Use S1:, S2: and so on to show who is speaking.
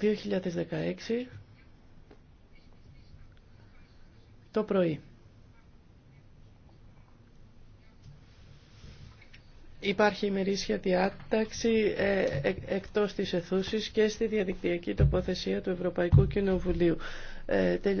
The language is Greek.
S1: 2016
S2: το πρωί. Υπάρχει ημερήσια διάταξη ε, ε, εκτός της αιθούσης και στη διαδικτυακή τοποθεσία του Ευρωπαϊκού Κοινοβουλίου. Ε,